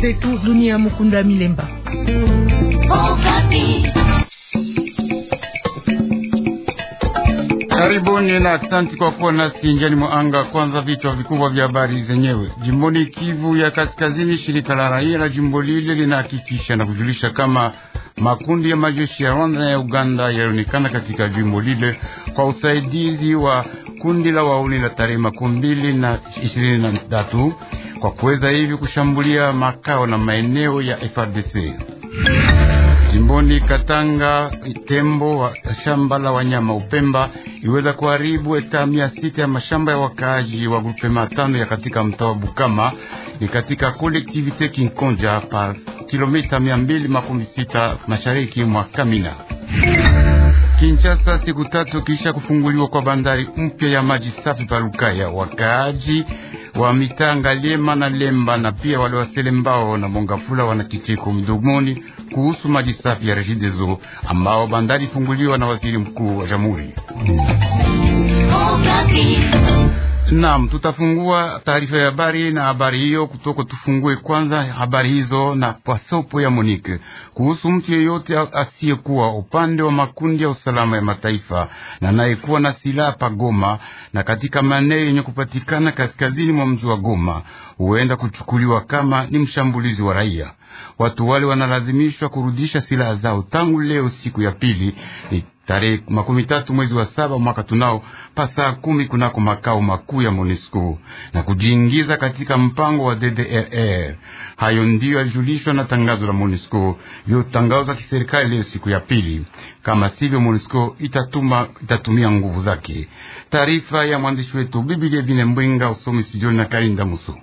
zetu dunia, Mukunda Milemba. Karibuni na asanti kwa kuwa nasi njani anga. Kwanza vichwa vikubwa vya habari zenyewe. Jimboni Kivu ya Kaskazini, shirika la raia la jimbo lile linahakikisha na kujulisha kama makundi ya majeshi ya Rwanda na ya Uganda yalionekana katika jimbo lile kwa usaidizi wa kundi la wauni la tarehe makumi mbili na ishirini na tatu kwa kuweza hivi kushambulia makao na maeneo ya FRDC jimboni Katanga. Tembo wa shamba la wanyama Upemba iweza kuharibu eta mia sita ya mashamba ya wakaaji wa grupe matano ya katika mtaa wa Bukama ni katika kolektivite Kinkonja pa kilomita mia mbili makumi sita mashariki mwa Kamina. Kinshasa siku tatu kisha kufunguliwa kwa bandari mpya ya maji safi Palukaya, wakaaji wa mitanga Lema na Lemba na pia wale wa Selembao na Mongafula wana kicheko mdomoni kuhusu maji safi ya Regideso ambao bandari ifunguliwa na waziri mkuu wa jamhuri. Oh, Naam, tutafungua taarifa ya habari na habari hiyo kutoka. Tufungue kwanza habari hizo na pasopo ya Monique kuhusu mtu yeyote asiyekuwa upande wa makundi ya usalama ya mataifa na anayekuwa na silaha pa Goma na katika maeneo yenye kupatikana kaskazini mwa mji wa Goma huenda kuchukuliwa kama ni mshambulizi wa raia. Watu wale wanalazimishwa kurudisha silaha zao tangu leo siku ya pili tarehe makumi tatu mwezi wa saba mwaka tunao pasaa kumi kunako makao makuu ya MONUSCO na kujiingiza katika mpango wa DDRR. Hayo ndiyo yalijulishwa na tangazo la MONUSCO iliyotangazwa kiserikali leo siku ya pili. Kama sivyo, MONUSCO itatuma itatumia nguvu zake. Taarifa ya mwandishi wetu Bibilia Vine Mbwinga, usomi sijoni na Kalinda Musu.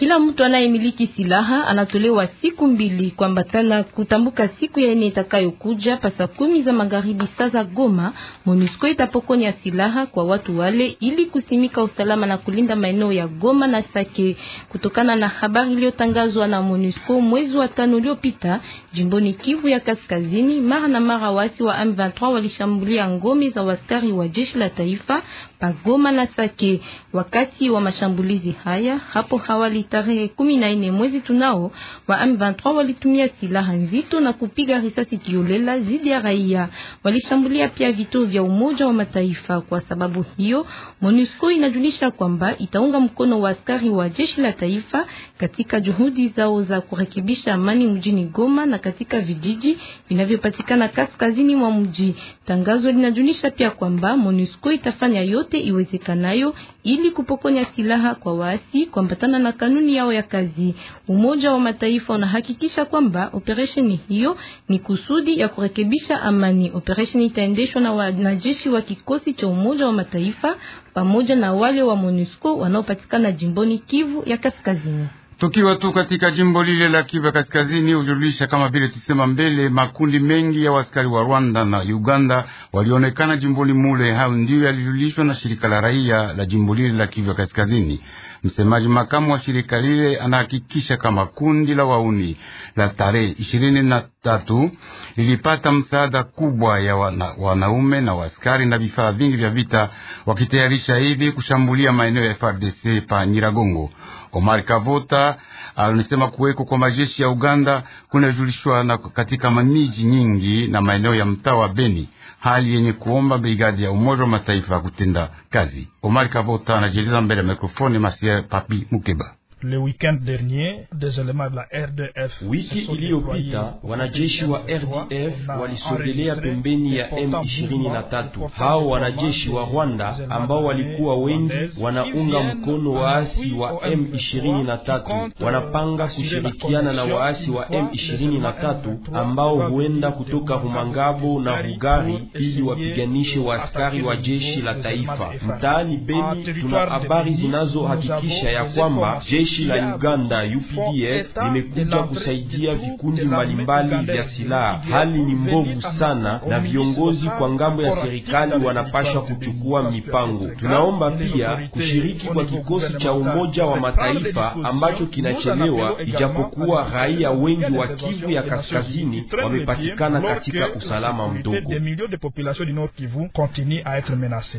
Kila mtu anayemiliki silaha anatolewa siku mbili kuambatana kutambuka siku ya ine itakayokuja pasa kumi za magharibi saa za Goma. MONUSCO itapokonya silaha kwa watu wale ili kusimika usalama na kulinda maeneo ya Goma na Sake. Kutokana na habari iliyotangazwa na MONUSCO mwezi wa tano uliopita, jimboni Kivu ya Kaskazini, mara na mara wasi wa M23 walishambulia ngome za waskari wa jeshi la taifa pagoma na Sake wakati wa mashambulizi haya hapo hawali tarehe kumi na nne mwezi tunao wa M23 walitumia silaha nzito na kupiga risasi kiolela dhidi ya raia. Walishambulia pia vituo vya Umoja wa Mataifa. Kwa sababu hiyo, MONUSCO inajulisha kwamba itaunga mkono wa askari wa jeshi la taifa katika juhudi zao za kurekebisha amani mjini Goma na katika vijiji vinavyopatikana kaskazini mwa mji. Tangazo linajulisha pia kwamba MONUSCO itafanya yote yote iwezekanayo ili kupokonya silaha kwa waasi kuambatana na kanuni yao ya kazi. Umoja wa Mataifa unahakikisha kwamba operesheni hiyo ni kusudi ya kurekebisha amani. Operesheni itaendeshwa na wanajeshi wa kikosi cha Umoja wa Mataifa pamoja na wale wa MONUSCO wanaopatikana jimboni Kivu ya Kaskazini. Tukiwa tu katika jimbo lile la Kivu Kaskazini, hujulisha kama vile tusema mbele, makundi mengi ya waskari wa Rwanda na Uganda walionekana jimboni mule. Hayo ndiyo yalijulishwa na shirika la raia la jimbo lile la Kivu Kaskazini. Msemaji makamu wa shirika lile anahakikisha kama kundi la wauni la tarehe ishirini na tatu lilipata msaada kubwa ya wana, wanaume na waskari na vifaa vingi vya vita, wakitayarisha hivi kushambulia maeneo ya FRDC pa Nyiragongo. Omar Kavota anasema kuweko kwa majeshi ya Uganda kunajulishwa na katika miji nyingi na maeneo ya mtaa wa Beni, hali yenye kuomba brigadi ya Umoja wa Mataifa kutenda kazi. Omar Kavota anajieleza mbele ya mikrofoni Masia Papi Mukeba le weekend dernier des éléments de la RDF. Wiki iliyopita wanajeshi wa RDF walisogelea pembeni ya M23. Hao wanajeshi wa Rwanda ambao walikuwa wengi wanaunga mkono euh, waasi wa M23 wanapanga kushirikiana na waasi wa M23 ambao huenda kutoka Rumangabo na Rugari ili wapiganishe waaskari wa jeshi la taifa. Mtaani Beni tuna habari zinazohakikisha ya kwamba jeshi jeshi la Uganda UPDF limekuja kusaidia vikundi mbalimbali vya silaha. Hali ni mbovu sana, na viongozi kwa ngambo ya serikali wanapasha kuchukua mipango. Tunaomba pia kushiriki kwa kikosi cha Umoja wa Mataifa ambacho kinachelewa, ijapokuwa raia wengi wa Kivu ya kaskazini wamepatikana katika usalama mdogo.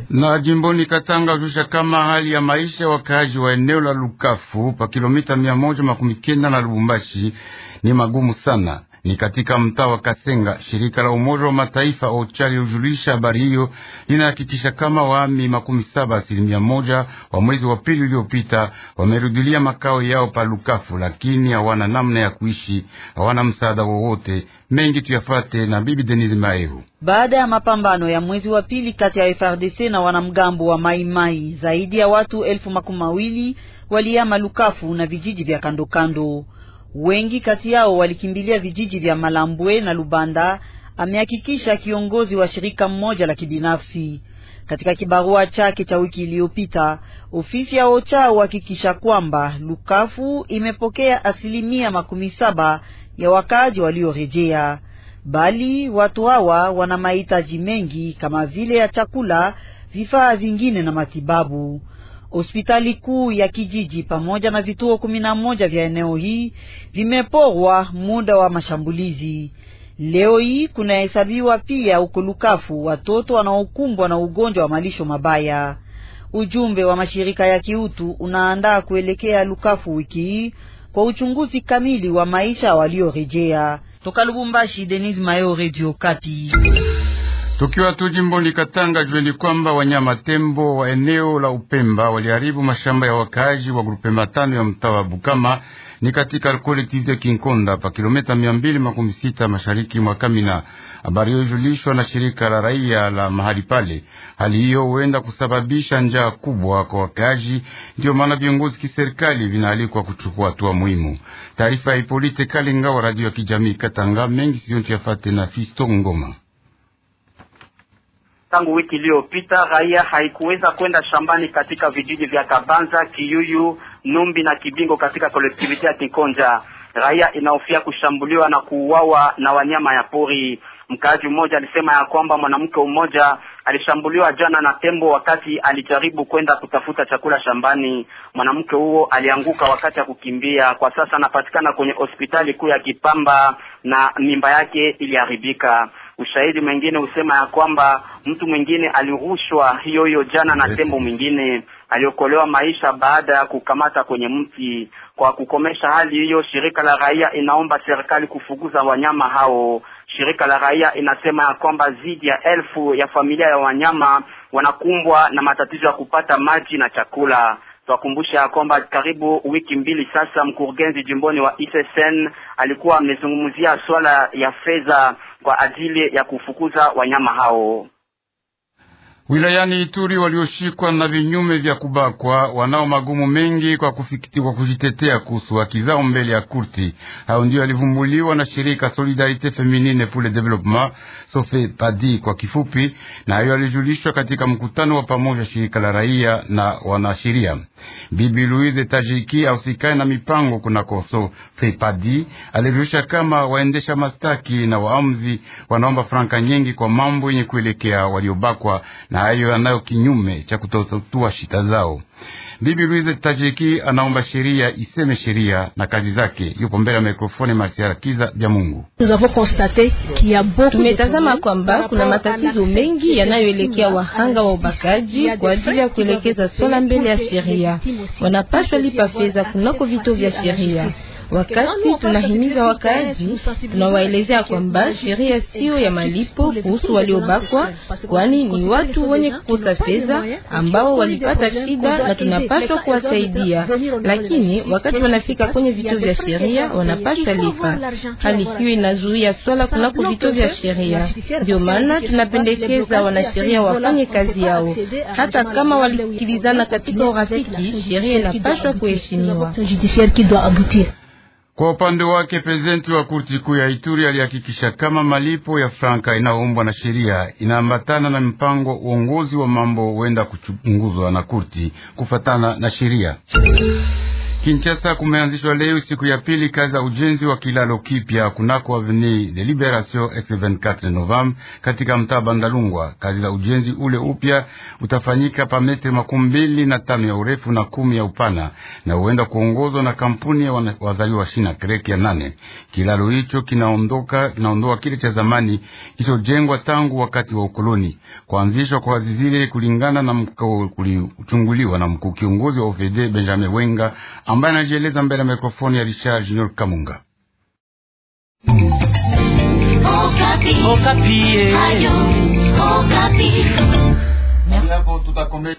Na jimboni Katanga jusha kama hali ya maisha wakazi wa eneo la Lukafu kwa kilomita mia moja makumi kenda na Lubumbashi ni magumu sana ni katika mtaa wa Kasenga. Shirika la Umoja wa Mataifa OCHA lilojulisha habari hiyo linahakikisha kama waami makumi saba asilimia moja wa mwezi wa pili uliopita wamerudilia makao yao pa Lukafu, lakini hawana namna ya kuishi, hawana msaada wowote. Mengi tuyafate na Bibi Denise Maehu. Baada ya mapambano ya mwezi wa pili kati ya FRDC na wanamgambo wa Maimai, zaidi ya watu elfu makumi mawili waliama Lukafu na vijiji vya kandokando kando. Wengi kati yao walikimbilia vijiji vya Malambwe na Lubanda, amehakikisha kiongozi wa shirika mmoja la kibinafsi. Katika kibarua chake cha wiki iliyopita, ofisi ya OCHA uhakikisha kwamba Lukafu imepokea asilimia makumi saba ya wakaaji waliorejea, bali watu hawa wana mahitaji mengi kama vile ya chakula, vifaa vingine na matibabu. Hospitali kuu ya kijiji pamoja na vituo kumi na moja vya eneo hii vimeporwa muda wa mashambulizi. Leo hii kunahesabiwa pia huko Lukafu watoto wanaokumbwa na ugonjwa wa malisho mabaya. Ujumbe wa mashirika ya kiutu unaandaa kuelekea Lukafu wiki hii kwa uchunguzi kamili wa maisha waliorejea toka Lubumbashi. Denis Mayo, Radio Kapi. Tukiwa tu jimboni Katanga, jueni kwamba wanyama tembo wa eneo la Upemba waliharibu mashamba ya wakaaji wa grupe matano ya mtaa wa Bukama ni katika ya Kinkonda pa kilometa mia mbili makumi sita mashariki mwa Kamina. Habari hiyo ilijulishwa na shirika la raia la mahali pale. Hali hiyo huenda kusababisha njaa kubwa kwa wakaaji, ndiyo maana viongozi kiserikali vinaalikwa kuchukua hatua muhimu. Taarifa ya Ipolite Kalinga wa radio ya kijamii Katanga mengi siyontuyafate na Fisto Ngoma. Tangu wiki iliyopita raia haikuweza kwenda shambani katika vijiji vya Kabanza, Kiyuyu, Numbi na Kibingo katika kolektivite ya Kikonja. Raia inahofia kushambuliwa na kuuawa na wanyama ya pori. Mkaaji mmoja alisema ya kwamba mwanamke mmoja alishambuliwa jana na tembo wakati alijaribu kwenda kutafuta chakula shambani. Mwanamke huo alianguka wakati ya kukimbia. Kwa sasa anapatikana kwenye hospitali kuu ya Kipamba na mimba yake iliharibika. Ushahidi mwingine husema ya kwamba mtu mwingine alirushwa hiyo hiyo jana na tembo mwingine aliokolewa maisha baada ya kukamata kwenye mti. Kwa kukomesha hali hiyo, shirika la raia inaomba serikali kufukuza wanyama hao. Shirika la raia inasema ya kwamba zaidi ya elfu ya familia ya wanyama wanakumbwa na matatizo ya kupata maji na chakula. Twakumbusha ya kwamba karibu wiki mbili sasa, mkurugenzi jimboni wa SSN e alikuwa amezungumzia swala ya fedha kwa ajili ya kufukuza wanyama hao. Wilayani Ituri, walioshikwa na vinyume vya kubakwa wanao magumu mengi kwa kufikiti, kwa kujitetea kuhusu haki zao mbele ya kurti. Hao ndio yalivumbuliwa na shirika Solidarite Feminine pour le Developpement Padi kwa kifupi, na hayo yalijulishwa katika mkutano wa pamoja shirika la raia na wanasheria. Bibi Louise Tajiki ausikane na mipango kuna koso Fepadi alijulisha kama waendesha mastaki na waamzi wanaomba franka nyingi kwa mambo yenye kuelekea waliobakwa na hayo yanayo kinyume cha kutototua shita zao. Bibi Louise Tajiki anaomba sheria iseme sheria na kazi zake. Yupo mbele ya mikrofoni Marsiara Kiza vya Mungu. Tumetazama kwamba kuna matatizo mengi yanayoelekea wahanga wa ubakaji kwa ajili ya kuelekeza swala mbele ya sheria sheria, lipa fedha kunako vituo vya sheria. Wakati tunahimiza wakaaji, tunawaelezea kwamba sheria sio ya malipo kuhusu waliobakwa, kwani ni watu wenye kukosa fedha ambao walipata shida na tunapaswa kuwasaidia, lakini wakati wanafika kwenye vituo vya sheria wanapaswa lipa. Hali hiyo inazuia swala kunako vituo vya sheria. Ndio maana tunapendekeza wanasheria wafanye kazi yao, hata kama walisikilizana katika urafiki, sheria inapaswa kuheshimiwa. Kwa upande wake prezidenti wa kurti kuu ya Ituri alihakikisha kama malipo ya franka inaombwa na sheria inaambatana na mpango uongozi wa mambo huenda kuchunguzwa na kurti kufatana na sheria. Kinshasa kumeanzishwa leo siku ya pili kazi ya ujenzi wa kilalo kipya kunako Avenue de Liberation ex 24 Novembre katika mtaa Bandalungwa. Kazi za ujenzi ule upya utafanyika pa metri makumi mbili na tano ya urefu na kumi ya upana na huenda kuongozwa na kampuni ya wazaliwa shina krek ya nane. Kilalo hicho kinaondoka kinaondoa kile cha zamani kilichojengwa tangu wakati wa ukoloni. Kuanzishwa kwa kazi zile kulingana na mkuu kulichunguliwa na mkuu kiongozi wa OVD Benjamin Wenga ambaye anajieleza mbele ya mikrofoni ya Richard Junior Kamunga. Okapi. Okapi.